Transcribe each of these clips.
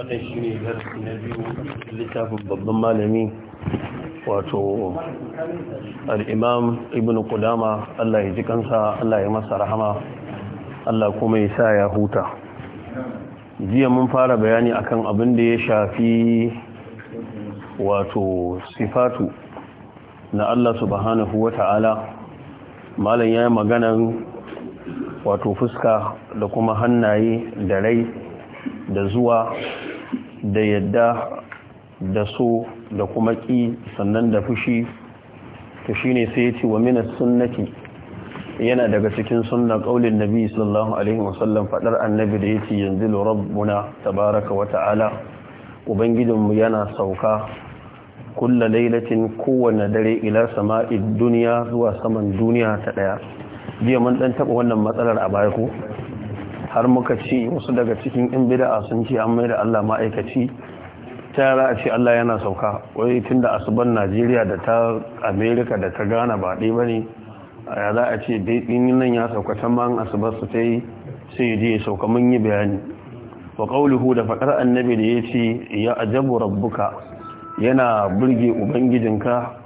wannan shi ne darasi na biyu littafin babban malami wato al'imam ibn kudama allah ya ji kansa allah ya masa rahama allah kuma ya sa ya huta jiya mun fara bayani a kan abin da ya shafi wato sifatu na allah subhanahu wa ta'ala malam ya yi maganan wato fuska da kuma hannaye da rai da zuwa da yadda da so da kuma ƙi sannan da fushi to shine sai ya ce wa minas sunnati yana daga cikin sunna ƙaulin nabi sallallahu alaihi wasallam faɗar annabi da ya ce yanzu rabbuna tabaraka wa ta'ala ubangijinmu yana sauka kulla lailatin kowane dare ila sama'id duniya zuwa saman duniya ta ɗaya jiya mun ɗan taɓa wannan matsalar a baya ko har muka ce wasu daga cikin in bida'a sun ce an mai da Allah ma'aikaci ta yara a ce Allah yana sauka wai tun da asuban Najeriya da ta Amerika da ta Ghana ba ɗaya ba ne ya za a ce ɗin nan ya sauka can ma asubar su ta yi sai ya je ya sauka mun yi bayani wa ƙaulihu da faɗar annabi da ya ce ya ajabu rabbuka yana burge ubangijinka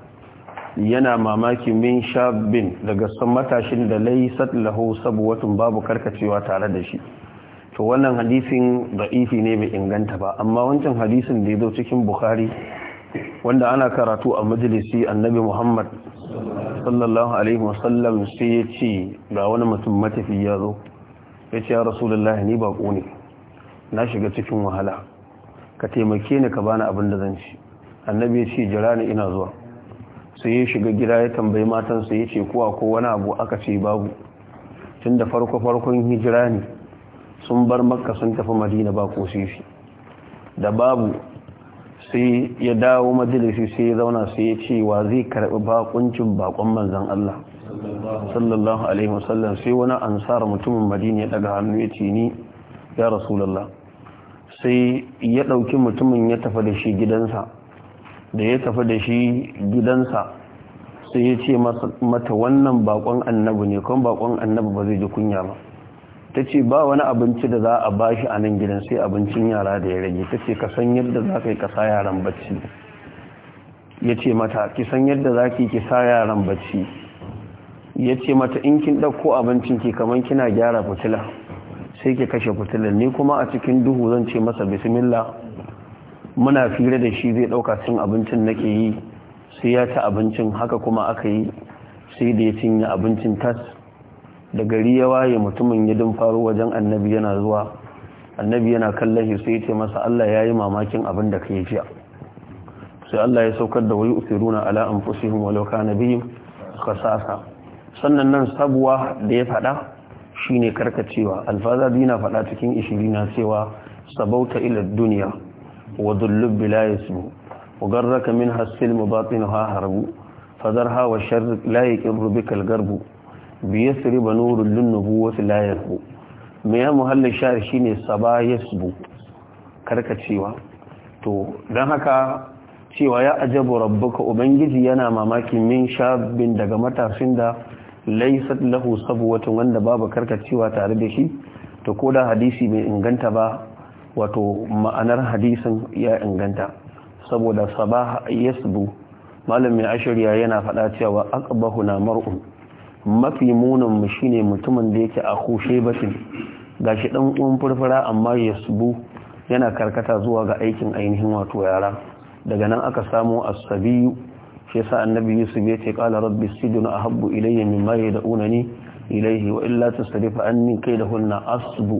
yana mamaki min shabbin daga san matashin da laysat lahu sabwatun babu karkacewa tare da shi to wannan hadisin da'ifi ne bai inganta ba amma wancan hadisin da ya zo cikin bukhari wanda ana karatu a majalisi annabi muhammad sallallahu alaihi wasallam sai ya ce ga wani mutum matafi ya zo ya ce ya rasulullahi ni ba ne na shiga cikin wahala ka taimake ni ka bani abin da zan ci annabi ya ce jira ni ina zuwa sai ya shiga gida ya tambayi matansa ya ce kuwa ko wani abu aka ce babu tun da farko-farkon hijira ne sun bar makka sun tafi madina ba ko sisi da babu sai ya dawo majalisi sai ya zauna sai ya ce wa zai karɓi bakuncin bakon manzan Allah sallallahu alaihi wasallam sai wani ansar mutumin madina ya daga hannu ya ce ni ya rasulallah sai ya ɗauki mutumin ya tafi da shi gidansa da ya tafi da shi gidansa sai ya ce mata wannan bakon annabu ne kan bakon annabu ba zai ji kunya ba ta ce ba wani abinci da za a ba shi a nan gidan sai abincin yara da ya rage ta ce ka san yadda za ka yi kasa yaran bacci ya ce mata ki san yadda za ki kisa yaran bacci ya ce mata in kin ɗauko abincin ki kamar kina gyara fitila sai ki kashe fitilar ni kuma a cikin duhu zan ce masa bismillah muna fira da shi zai ɗauka cin abincin nake yi sai ya ci abincin haka kuma aka yi sai da ya cinye abincin tas da gari ya waye mutumin ya faru wajen annabi yana zuwa annabi yana kallon sai ya ce masa Allah ya yi mamakin abin da ka yi jiya sai Allah ya saukar da wayu usiruna ala anfusihim na kana bihim khasasa sannan nan sabuwa da ya faɗa shine karkacewa alfaza dina fada cikin 20 na cewa sabauta ila duniya وذلب بلا اسم وغرك منها السلم باطنها هرب فذرها والشر لا يقر بك الغرب بيسر بنور للنبوة لا يرب ميا محل الشعر شيني صبا يسب karka cewa to don haka cewa ya ajabu rabbuka ubangiji yana mamaki min shabin daga matasin da laysat lahu sabuwatun wanda babu karkacewa tare da shi to ko da hadisi bai inganta ba wato ma'anar hadisin ya inganta saboda sabah yasbu malami ashariya yana faɗa cewa aqbahu na mar'un mafi munin mu shine mutumin da yake a kushe bashin gashi dan uwan furfura amma yasbu yana karkata zuwa ga aikin ainihin wato yara daga nan aka samu as-sabiyu shi yasa annabi yusuf ya ce qala rabbi sidun ahabbu ilayya mimma yad'unani ilayhi wa illa tasrifa anni kaydahunna asbu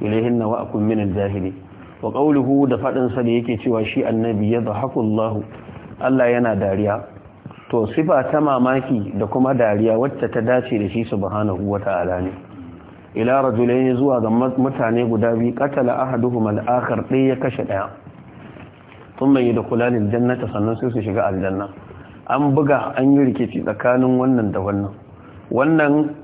ilaihinna wa akun min al-jahili wa qawluhu da fadin sa da yake cewa shi annabi yadhaku Allah Allah yana dariya to sifa ta mamaki da kuma dariya wacce ta dace da shi subhanahu wata'ala ne ila rajulayn zuwa ga mutane guda biyu qatala ahaduhum al-akhar dai ya kashe daya thumma yadkhulani al-jannata sannan sai su shiga aljanna an buga an yi rikici tsakanin wannan da wannan wannan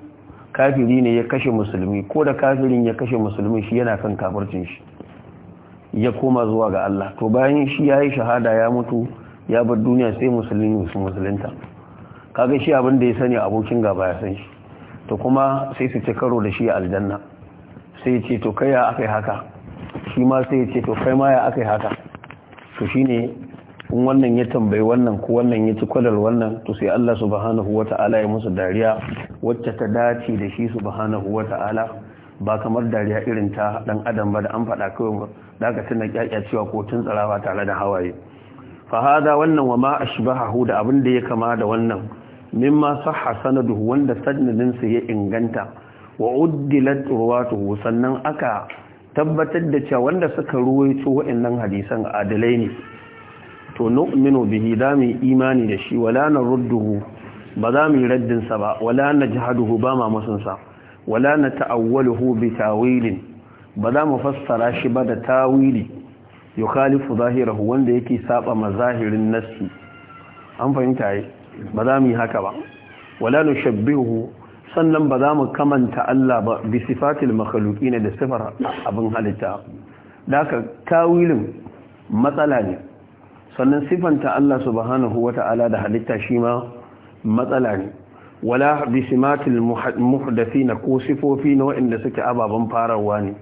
kafiri ne ya kashe musulmi ko da kafirin ya kashe musulmi shi yana kan kafircin shi ya koma zuwa ga Allah to bayan shi ya yi shahada ya mutu ya bar duniya sai musulmi su musulunta kaga shi abin da ya sani abokin gaba ya san shi to kuma sai su ci karo da shi a aljanna sai ya ce to kai ya aka yi haka shi ma sai ya ce to kai ma ya aka haka to shine in wannan ya tambayi wannan ko wannan ya ci kwadar wannan to sai Allah subhanahu wa ta'ala ya musu dariya wacce ta dace da shi subhanahu wa ta'ala ba kamar dariya irin ta dan adam ba da an faɗa kawai da ka tuna kyakya cewa ko tun tsarawa tare da hawaye fa hada wannan wa ma ashbahu da abin da ya kama da wannan mimma sahha sanaduhu wanda sanadin sa ya inganta wa uddilat ruwatuhu sannan aka tabbatar da cewa wanda suka ruwaito waɗannan hadisan adalai ne to nu'minu bihi da mu imani da shi wala narudduhu ba za mu raddin sa ba wala najhaduhu ba ma musun sa wala nata'awwaluhu bi tawilin ba za mu fassara shi ba da tawili yukhalifu zahirahu wanda yake saba mazahirin nassi an fahimta yi ba za mu yi haka ba wala nushabbihu sannan ba za mu kamanta Allah ba bi sifatil ne da sifar abin halitta daka tawilin matsala ne sannan sifanta Allah subhanahu ta'ala da halitta shi ma matsala ne wala bi simatil na ko sifofi na waɗanda suke ababen farawa ne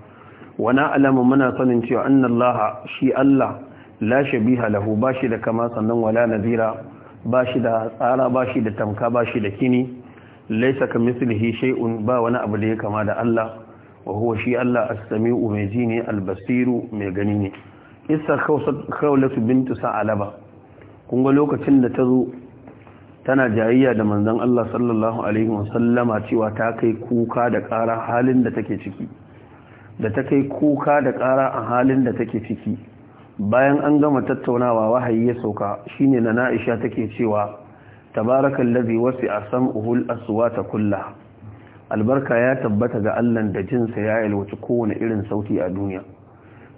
wana alama muna sanin cewa annallaha shi Allah la shabiha lahu bashi da kama sannan wala nazira bashi da tsara bashi da tamka bashi da kini laysa mislihi, shay'un ba wani abu da ya kama da Allah wa huwa shi Allah as-sami'u mai ji ne al-basiru mai gani ne isa khawlatu bintu sa'alaba kun ga lokacin da ta zo tana jayayya da manzon Allah sallallahu alaihi wasallama cewa ta kai kuka da ƙara halin da take ciki da ta kai kuka da ƙara a halin da take ciki bayan an gama tattaunawa wahayi ya sauka shine na Aisha take cewa tabarakallazi wasi'a sam'uhul aswata kullah albarka ya tabbata ga Allah da jinsa ya yalwaci kowane irin sauti a duniya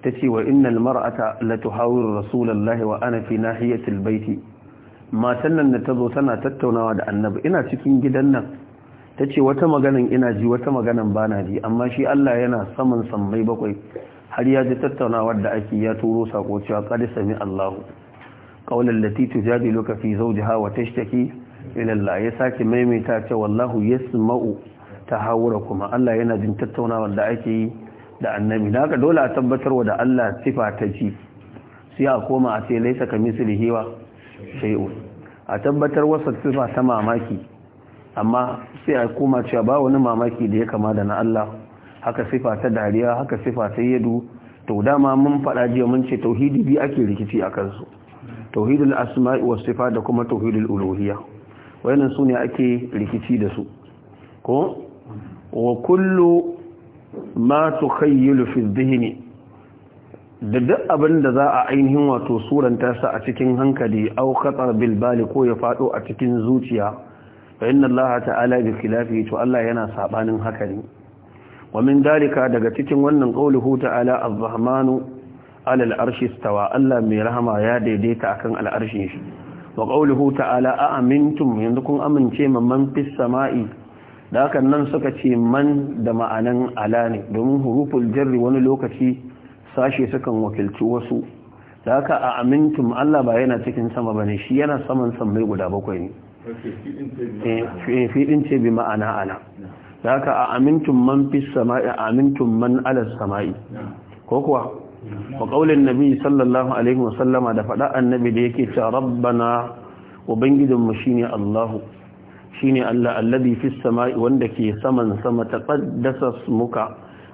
ta ce wa ata latu la tuhawiru rasulullahi wa ana fi nahiyatil baiti matan nan da tazo tana tattaunawa da annabi ina cikin gidan nan tace wata maganan ina ji wata maganan bana ji amma shi Allah yana saman sammai bakwai har ya ji tattaunawa da ake ya turo sako cewa qad sami Allah qawlan lati tujadiluka fi zawjiha wa tashtaki ila Allah ya saki maimaita ce wallahu yasma'u tahawura kuma Allah yana jin tattaunawar da ake yi da annabi da haka dole a tabbatar wa da Allah sifa ta ji sai a koma a ce laisa kamislihi sai a tabbatar wasa sifa ta mamaki amma sai a koma cewa ba wani mamaki da ya kama da na Allah haka sifa ta dariya haka sifa ta yadu to dama mun faɗa jiya mun ce tauhidi bi ake rikici a kansu tauhidul asma'i was sifat da kuma tauhidul uluhiyya wayannan sune ake rikici da su ko wa kullu ma tukhayyalu fi dhihni da duk abin da za a ainihin wato suranta sa a cikin hankali aw khatar bil bali ko ya fado a cikin zuciya fa inna ta'ala bi khilafi to Allah yana sabanin haka ne wa min dalika daga cikin wannan qauluhu ta'ala ar-rahmanu 'ala al-arshi istawa Allah mai rahama ya daidaita akan al-arshin shi wa qauluhu ta'ala a amintum yanzu kun amince man fis sama'i da hakan nan suka ce man da ma'anan ala ne domin huruful jarri wani lokaci sashe sukan wakilci wasu da haka a amintum Allah ba yana cikin sama bane shi yana saman sammai guda bakwai ne fiɗin eh, ce bi ma'ana ala da haka a amintum man fi sama'i a amintum man ala sama'i ko kuwa wa qaulin nabi sallallahu alaihi wa sallama da fada annabi da yake cewa rabbana ubangijinmu shine Allahu shine Allah alladhi fis sama'i wanda ke saman sama taqaddasa muka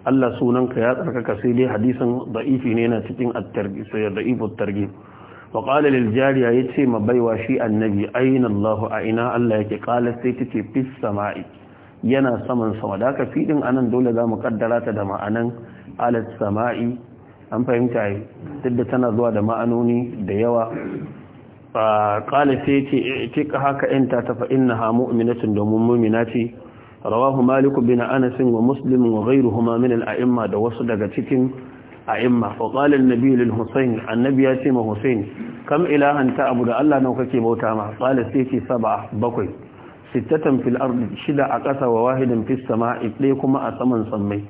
Allah sunanka ya tsarkaka sai dai hadisin da'ifi ne na cikin at-targhib sai da'ifu at-targhib wa qala lil jariya yace ma baiwa shi annabi aina Allah a ina Allah yake qala sai tace fis sama'i yana saman sama da haka fidin anan dole za mu kaddara ta da ma'anan alat sama'i an fahimta yi duk da tana zuwa da ma'anoni da yawa qala sai ce itika haka anta ta fa innaha mu'minatun domin mu'mina ce rawahu malik bin anasin wa muslim wa ghayruhuma min al da wasu daga cikin a'imma fa qala an-nabi annabi ya ce ma husayn kam ilahan ta abu da Allah nawa kake bauta ma qala sai ce sab'a bakwai sittatan fil shida a ƙasa wa wahidan fis sama'i kuma a saman sammai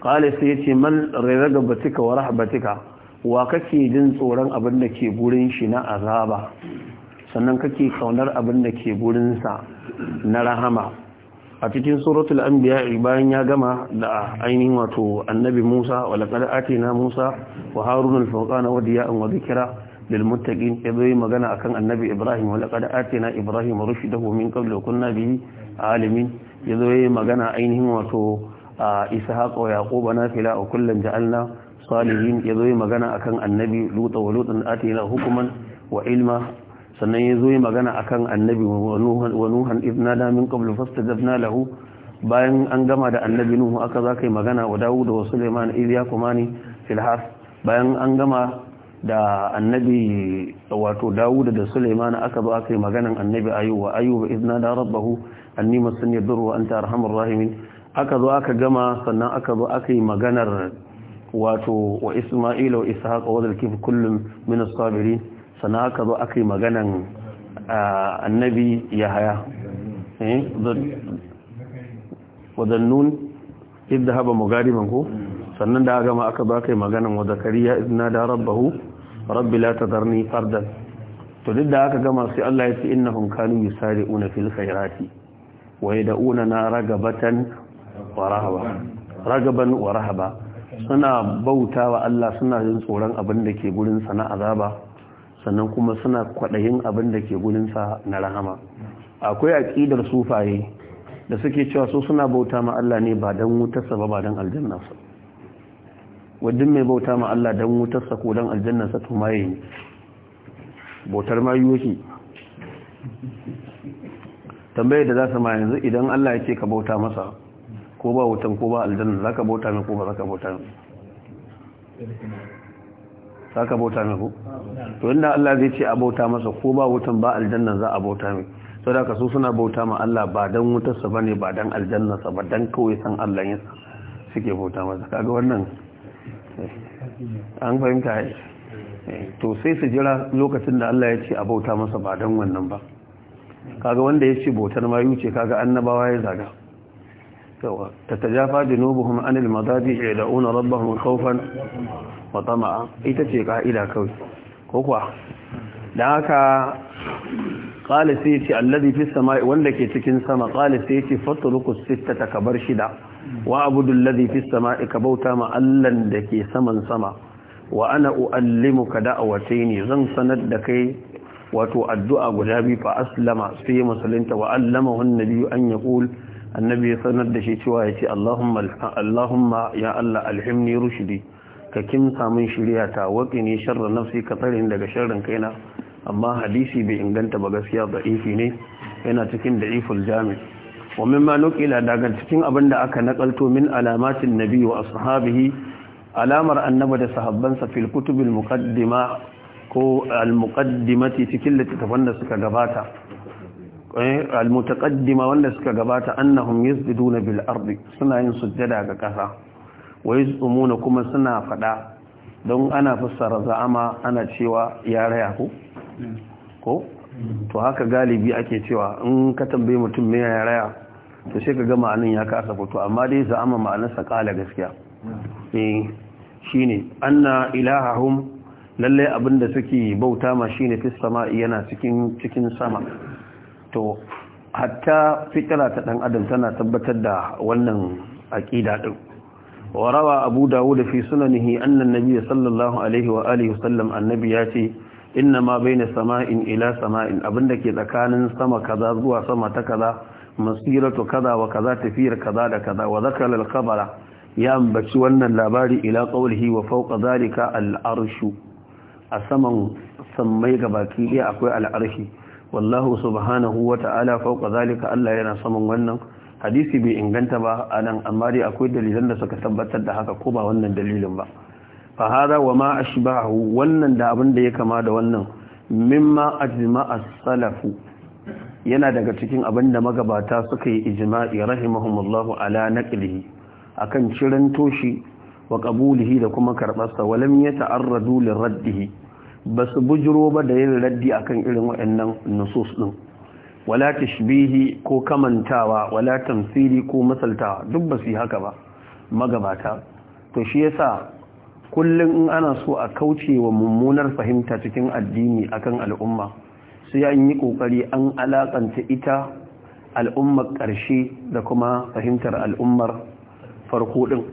qala sai ya ce man ragabatika wa rahbatika wa kake jin tsoron abin da ke burin shi na azaba sannan kake kaunar abin da ke sa na rahama a cikin suratul anbiya bayan ya gama da ainihin wato annabi Musa wa laqad atina Musa wa Harun al-fawqana wa diya'an wa dhikra lil muttaqin yayi magana akan annabi Ibrahim wa laqad atina Ibrahim rushdahu min qabl kunna bihi alimin yayi magana ainihin wato Ishaq wa Yaqub nafila wa kullan ja'alna salihin ya zo yi magana akan annabi lutsa-lutsa wa ati na hukuman wa ilma sannan ya zo yi magana akan annabi wa nuhan ibna da min qablu fastajabna lahu bayan an gama da annabi nuhu aka za kai magana wa dawud wa suleiman idh kuma fil has bayan an gama da annabi wato dawud da suleiman aka zo aka yi maganan annabi ayuwa wa ayyuba idna da rabbahu anni masanni dhurru wa anta arhamur rahimin aka zo aka gama sannan aka zo aka yi maganar wato wa isma'ila wa ishaq wa zalkif kullum min as-sabirin sana ka zo akai maganan annabi yahaya eh wa dhannun idhaba mughariban ko sannan da gama aka ba kai maganan wa zakariya idna da rabbahu rabbi la tadarni fardan to duk da aka gama sai Allah ya ce innahum kanu yusari'una fil khairati wa yad'una na ragabatan wa rahaba ragaban wa rahaba suna bauta wa Allah suna yin tsoron abin da ke gurinsa na azaba sannan kuma suna kwaɗayin abin da ke gurinsa na rahama akwai aƙidar sufaye da suke cewa su suna bauta ma Allah ne ba don wutarsa ba ba don aljannarsa wajen mai bauta ma Allah don wutarsa ko don aljannarsa to maye ne bautar mayu yake tambayar da za su ma yanzu idan Allah ya ce ka bauta masa ko ba wutan ko ba aljanna za ka bauta mai ko ba za ka bauta mai za ka bauta mai ko to inda Allah zai ce a bauta masa ko ba wutan ba aljanna za a bauta mai sau da ka so suna bauta ma Allah ba don wutarsa ba ne ba don aljannarsa ba don kawai san Allah yinsa suke bauta masa kaga wannan an fahimta to sai su jira lokacin da Allah ya ce a bauta masa ba don wannan ba kaga wanda ya ce bautar mayu ce kaga annabawa ya zaga تتجافى جنوبهم عن المضاجع يدعون ربهم خوفا وطمعا ita ce ka'ida kawai ko kuwa dan haka qala sai ce allazi wanda ke cikin sama qala sai ce fatruku shida wa abudu allazi fi samai ma allan da ke saman sama wa ana uallimuka ne zan sanar da kai wato addu'a guda biyu fa aslama sai musulunta wa allamahu annabi an yaqul annabi ya sanar da shi cewa ya ce Allahumma ya Allah alhimni rushidi ka kimsa min shirya ta waƙi ne sharra nafsi ka tsarin daga sharrin kaina amma hadisi bai inganta ba gaskiya ba ifi ne yana cikin da iful jami wa mimma nuqila daga cikin abin da aka nakalto min alamatin nabi wa ashabihi alamar annaba da sahabbansa fil kutubil muqaddima ko al muqaddimati cikin littattafan da suka gabata Eh, al-mutaqaddima wanda suka gabata annahum yasjuduna bil ardi suna yin sujjada ga kasa wa yasumuna kuma suna fada don ana fassara za'ama ana cewa ya raya ko ko to haka galibi ake cewa in ka tambaye mutum me ya raya to sai ka ga ma'anin ya kasa fito amma dai za'ama ma'anarsa kala gaskiya eh shine anna ilahahum lalle abinda suke bauta ma shine fis sama'i yana cikin cikin sama to hatta fitira ta dan adam tana tabbatar da wannan aqida din warawa abu dawud fi sunanihi anna an sallallahu alaihi wa alihi sallam annabi ya ce inna ma baina sama'in ila sama'in abinda ke tsakanin sama kaza zuwa sama ta kaza masiratu kaza wa kaza tafiyar kaza da kaza wa zakala al ya ambaci wannan labari ila qawlihi wa fawqa zalika al-arshu a saman sammai gabaki dai akwai al'arshi wallahu subhanahu wa ta'ala fauka zalika Allah yana saman wannan hadisi bai inganta ba anan amma dai akwai dalilan da suka tabbatar da haka ko ba wannan dalilin ba fa hada wa ma ashbahu wannan da abin da ya kama da wannan mimma ajma as-salafu yana daga cikin abin da magabata suka yi ijma'i rahimahumullahu ala naqlihi akan cirin toshi wa qabulihi da kuma karbarsa walam yata'arradu lirraddihi ba su bujiro ba da yin raddi akan irin waɗannan nusus ɗin wala tashbihi ko kamantawa wala tamsiri ko masaltawa duk ba su yi haka ba magabata to shi yasa kullum in ana so a kauce wa mummunar fahimta cikin addini akan al'umma sai an yi kokari an alakanta ita al'ummar ƙarshe da kuma fahimtar al'ummar farko ɗin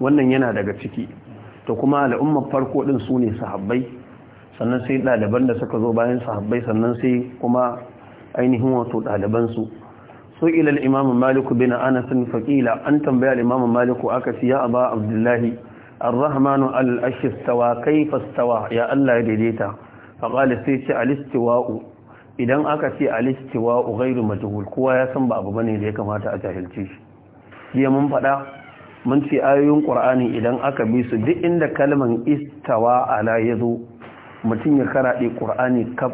wannan yana daga ciki to kuma al'ummar farko ɗin su ne sahabbai sannan sai ɗaliban da suka zo bayan sahabbai sannan sai kuma ainihin wato ɗalibansu su ilal imamu maliku bin anasin faƙila an tambaya imamu maliku aka siya a ba abdullahi arrahmanu al'ashi stawa kai stawa ya allah ya daidaita faƙali sai ce alistiwa'u idan aka ce alistiwa'u gairu majhul kowa ya san ba abu bane da ya kamata a jahilce shi jiya mun faɗa mun ce ayoyin ƙur'ani idan aka bi su duk inda kalman istawa ala ya zo mutum ya karaɗe ƙur'ani kaf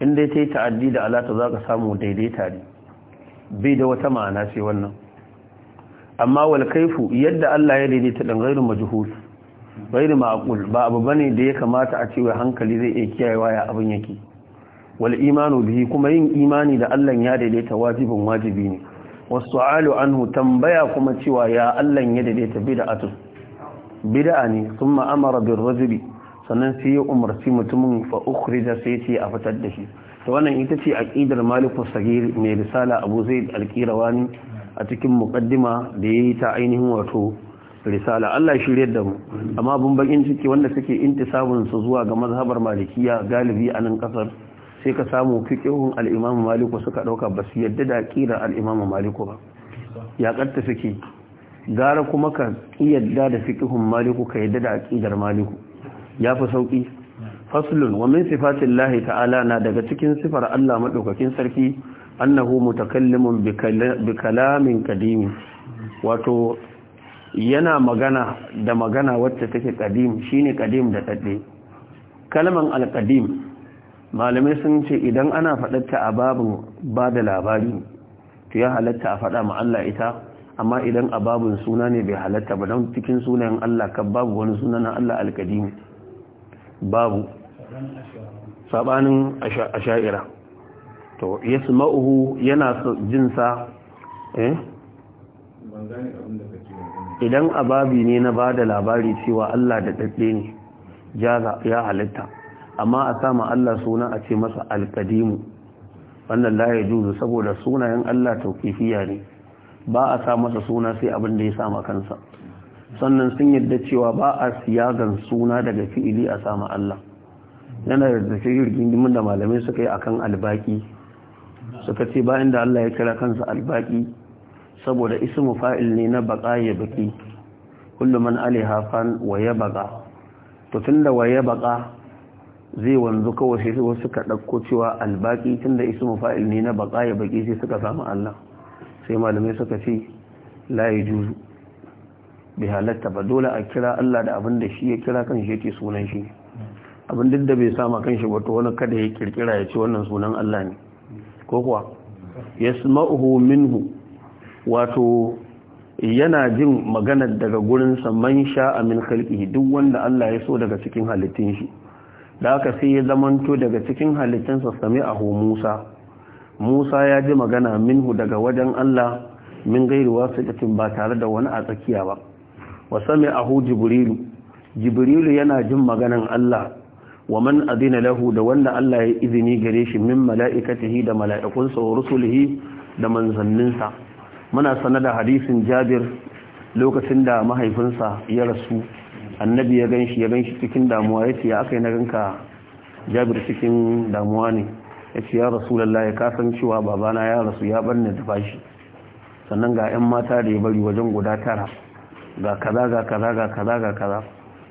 inda ta yi ta'addi da alata za ka samu daidaita ne bai da wata ma'ana sai wannan amma walkaifu yadda Allah ya daidaita ɗan gairu majhul gairu ma'akul ba abu ne da ya kamata a cewa hankali zai iya kiyayewa ya abin yake wal imanu bihi kuma yin imani da Allah ya daidaita wajibin wajibi ne Wasu an anhu tambaya kuma cewa ya Allah ya daidaita bid'atu Bida'a ne sun ma'amara bin rajuli sannan sai ya umarci mutumin fa ukhrija sai ce a fitar da shi to wannan ita ce aqidar maliku sagir mai risala abu zaid alqirawani a cikin muqaddima da yayi ta ainihin wato risala Allah ya shiryar da mu amma bun bakin ciki wanda suke intisabun su zuwa ga mazhabar malikiya galibi a nan kasar sai ka samu fiqhun al-imam maliku suka dauka ba su yadda da aqidar al-imam maliku ba ya karta suke gara kuma ka yadda da fikihun maliku ka yadda da aqidar maliku ya fi sauƙi faslun wa min sifatin lahi ta'ala na daga cikin sifar Allah maɗaukakin sarki annahu mutakallimun bi kalamin kadimi wato yana magana da magana wacce take kadim shine kadim da dadde kalman kadim malamai sun ce idan ana faɗata a babin da labari to ya halatta a faɗa ma Allah ita amma idan a babin suna ne bai halatta ba don cikin sunayen Allah kan babu wani suna na Allah al-kadim. babu sabanin asha'ira to yasma'uhu yana jin sa eh idan ababi ne na bada labari cewa Allah da dadde ne jaza ya halitta amma a sama Allah suna a ce masa alkadimu wannan la yajuzu saboda sunayen Allah tawqifiya ne ba a sa masa suna sai abin da ya sama kansa sannan sun yadda cewa ba a siyagan suna daga fi'ili a sama Allah yana da tafiye dimin da malamai suka yi akan albaki suka ce bayan da Allah ya kira kansa albaki saboda ismu fa'il ne na baka ya baki kullum man alaiha fan wa ya baka to tunda wa ya baka zai wanzu kawai sai wasu suka ɗauko cewa albaki tunda ismu fa'il ne na baka ya baki sai suka samu Allah sai malamai suka ce la juzu bai halatta ba dole a kira Allah da abin da shi ya kira kan shi yake sunan shi abin duk da bai sama kan shi wato wani kada ya kirkira ya ce wannan sunan Allah ne ko kuwa yasma'uhu minhu wato yana jin magana daga gurinsa man sha'a min khalqihi duk wanda Allah ya so daga cikin halittun shi da haka sai ya zamanto daga cikin halittunsa sami'ahu Musa Musa ya ji magana minhu daga wajen Allah min gairi wasiqatin ba tare da wani a tsakiya ba wa Ahu jibrilu jibrilu yana jin maganan Allah wa man adina lahu da wanda Allah ya izini gare shi min mala'ikatihi da mala'ikunsa wa rusulihi da manzanninsa muna sanar da hadisin Jabir lokacin da mahaifinsa ya rasu annabi ya ganshi ya ganshi cikin damuwa yace ya akai na ganka Jabir cikin damuwa ne yace ya rasulullahi ka san cewa babana ya rasu ya barne da fashi sannan ga 'yan mata da ya bari wajen guda tara ga kaza ga kaza ga kaza ga kaza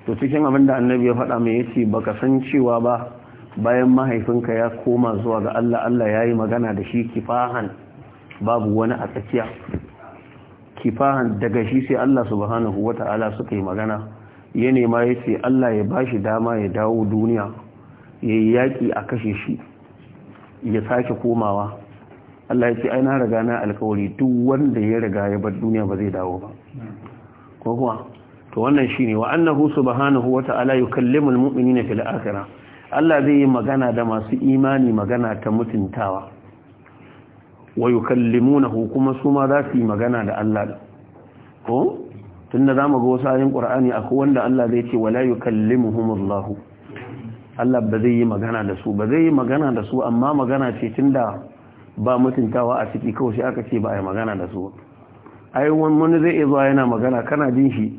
to cikin abin da annabi ya faɗa mai yace baka san cewa ba bayan mahaifinka ya koma zuwa ga Allah Allah yayi magana da shi kifahan babu wani a tsakiya kifahan daga shi sai Allah subhanahu wata'ala suka yi magana ya nema yace Allah ya bashi dama ya dawo duniya yayi yaki a kashe shi ya sake komawa Allah ya ce ai na riga na alkawari duk wanda ya riga ya bar duniya ba zai dawo ba ko to wannan shi ne shine wa annahu subhanahu wata'ala yukallimul na fi la'akira Allah zai yi magana da masu imani magana ta mutuntawa wa yukallimunahu kuma su ma za su yi magana da Allah ko tunda zamu ga wasu ayoyin Qur'ani akwai wanda Allah zai ce wala yukallimuhumullahu Allah ba zai yi magana da su ba zai yi magana da su amma magana ce tun da ba mutuntawa a ciki kawai sai aka ce ba a yi magana da su ai wani zai iya zuwa yana magana kana jin shi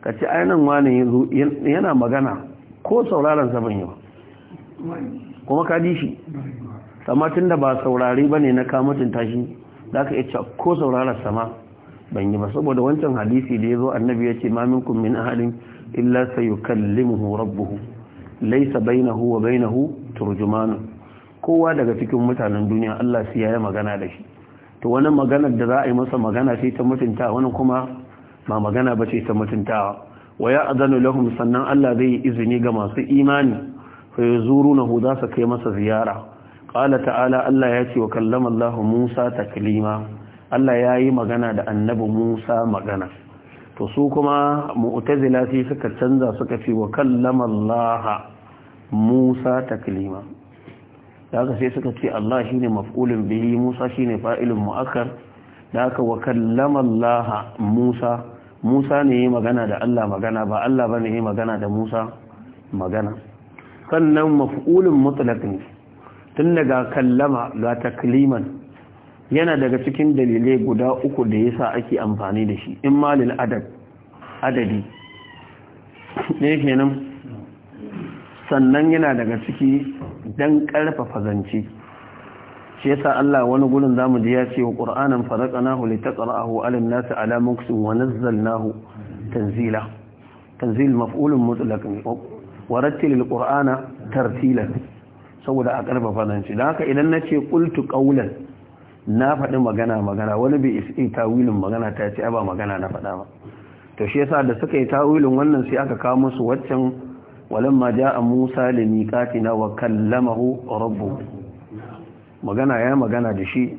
ka ci ainihin wani yana magana ko sauraron saman yau kuma ka ji shi amma da ba saurari ba ne na kamutin tashi da aka iya ko sauraron sama ban yi ba saboda wancan hadisi da ya zo annabi ya ce maminkun min halin illa sayukallimuhu rabbuhu laisa bainahu wa bainahu turjumanu kowa daga cikin mutanen duniya Allah sai ya yi magana da shi to wani maganar da za a yi masa magana ce ta mutunta wani kuma ba magana ba ce ta mutuntawa waya ya lahum sannan Allah zai yi izini ga masu imani fa yazurunahu za su kai masa ziyara qala ta'ala Allah ya ce wa kallama Allah Musa taklima Allah ya yi magana da annabi Musa magana to su kuma mu'tazila sai suka canza suka ce wa kallama Allah Musa taklima da sai suka ce Allah shine maf'ulun bihi Musa shine fa'ilun mu'akkar da aka wa kallama Allah Musa Musa ne yayi magana da Allah magana ba Allah bane yayi magana da Musa magana sannan maf'ulun mutlaq ne tun daga kallama ga takliman yana daga cikin dalilai guda uku da yasa ake amfani da shi in malin adad adadi ne kenan sannan yana daga ciki dan karfafa zance shi yasa Allah wani gurin zamu ji ya ce wa qur'anan faraqnahu litaqra'ahu 'ala an-nas 'ala muksin wa nazzalnahu tanzila tanzil maf'ul mutlaq wa rattil al tartilan saboda a karfafa zance dan haka idan nace qultu qawlan na faɗi magana magana wani bai isi tawilin magana ta ce ba magana na faɗa ba to shi yasa da suka yi tawilin wannan sai aka kawo musu waccan walamma a Musa limiqatina wa kallamahu rabbuhu magana ya magana da shi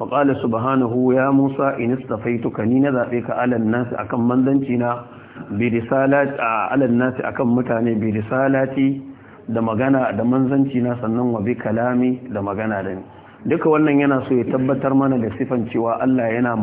wa subhanahu ya Musa in istafaituka ni na zaɓe ka alan nas akan manzanci na bi risalati alan nas akan mutane bi risalati da magana da manzanci na sannan wa kalami da magana da ni duka wannan yana so ya tabbatar mana da sifan cewa Allah yana